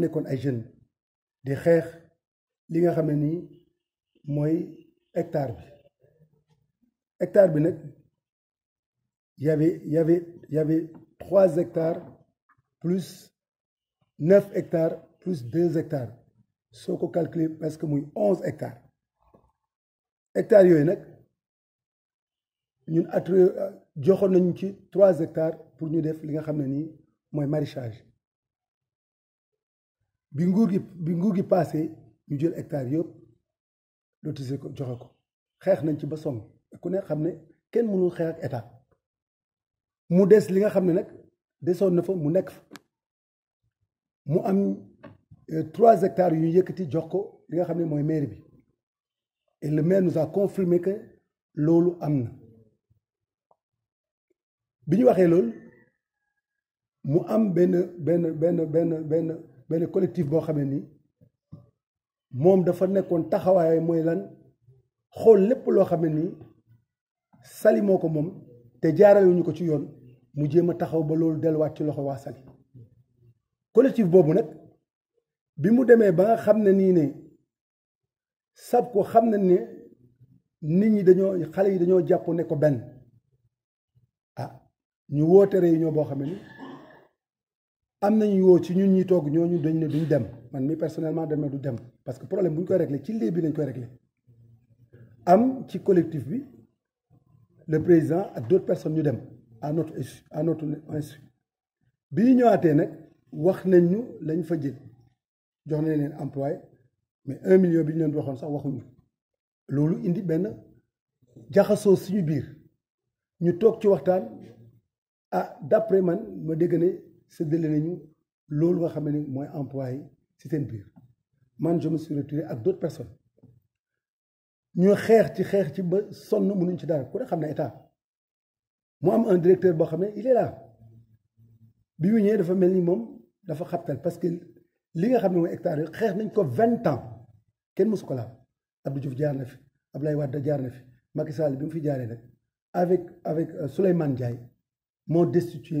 ne kon ay jeune li nga ni moy y avait 3 hectares plus 9 hectares plus 2 hectares soko calculer que c'est 11 hectares hectare yoy nak ñun 3 euh, hectares pour nous de li nga xamné bi nguur gi passé ñu jël hectare yëpp lotissé ko joxe nañ ci ba ku ne xam kenn mënul xeex ak état mu des li nga xam fa mu nekk euh, trois hectares yu yëkkati jox ko li nga xam ne mooy et le maire nous a confirmé que loolu am na bi ñu waxee loolu mu am benn collectif boo xamee ni moom dafa nekkoon taxawaay mooy lan xool lépp loo xamee ni Saly moo ko moom te jaaralewuñu ko ci yoon mu jéem a taxaw ba loolu delluwaat ci loxo waa Saly collectif boobu nag bi mu demee ba nga xam ne nii ne sab ko xam na ne nit ñi dañoo xale yi dañoo jàpp ne ko benn ah ñu woote réunion boo xam ne ni am nañu woo ci ñun ñi toog ñooñu dañ ne duñ dem man mi personnellement dañ du dem parce que problème buñ ko régler ci lii bi lañ ko régler am ci collectif bi le président ak d'autres personnes ñu dem à notre à notre insu bi ñu nak wax nañ ñu lañ fa jël jox nañ leen employé mais 1 million bi ñu leen waxon sax waxuñu lolu indi ben jaxasoo suñu biir ñu tok ci waxtaan ah d'après man ma dégg c'est nañu loolu nga xam ne employé yi ci seen biir man je me suis retiré avec d'autres personnes ñu xeex ci xeex ci son sonn mënuñ ci dara ku ne xam état mu am un directeur boo xam il est là bi ñu ñëwee dafa mel ni moom dafa xabtal parce que li nga xam hectare yooyu xeex nañ ko vingt ans kenn mosu ko laal Abdou djouf jaar na fi Abdoulaye Wade jaar na fi Macky Sall bi mu fi jaaree nag avec avec euh, Souleymane Ndiaye moo destitué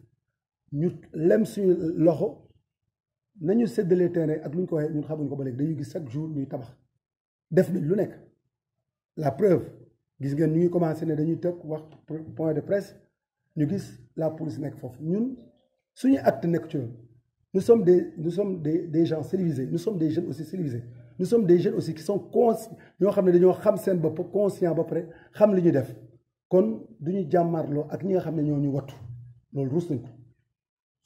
nous sommes là nous la preuve nous commencé de presse la police nous sommes des nous sommes des gens civilisés nous sommes des jeunes aussi civilisés nous sommes des jeunes aussi qui sont conscients Nous sommes conscients nous sommes conscients Nous sommes conscients nous xam conscients, nous sommes conscients nous Nous sommes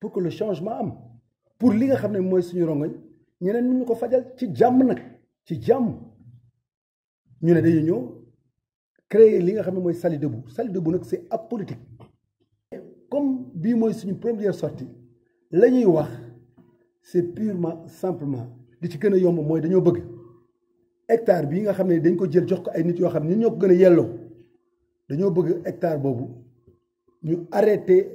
pour que le changement am pour li nga xamné ne suñu rongañ ñeneen ñu ko fajal ci ci ñu créer li nga Debout sali Debout c'est apolitique comme bi suñu première sortie lañuy wax c'est purement simplement li ci Ils yomb moy dañu bëgg hectare nga dañ ko jël jox ko ay nit arrêter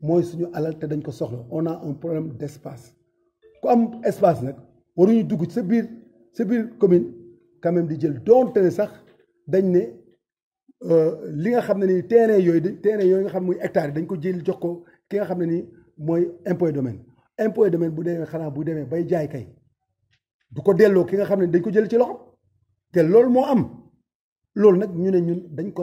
moy suñu alal te dañ ko on a un problème d'espace. espace am espace nag waruñu dugg ci sa biir sa commune quand même di jël ne sax dañ ne euh, li nga xam ne terrain terrain yooyu nga xam muy hectare dañ ko jël jox ko ki nga xam ne nii mooy domaine impôt domaine bu demee xanaa bu demee bay jaay kay du ko delloo ki nga xam dañ ko jël ci loxo te loolu moo am loolu nag ñu ne ñun dañ ko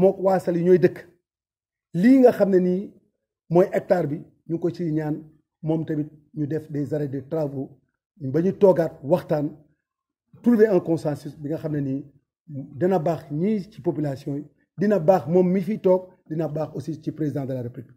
moo waa Saly ñooy dëkk lii nga xam ne nii mooy hectare bi ñu ko ci ñaan moom tamit ñu def des arrêts de travaux ba ñu toogaat waxtaan trouver un consensus bi nga xam ne nii dana baax ñii ci population yi dina baax moom mi fi toog dina baax aussi ci président de la république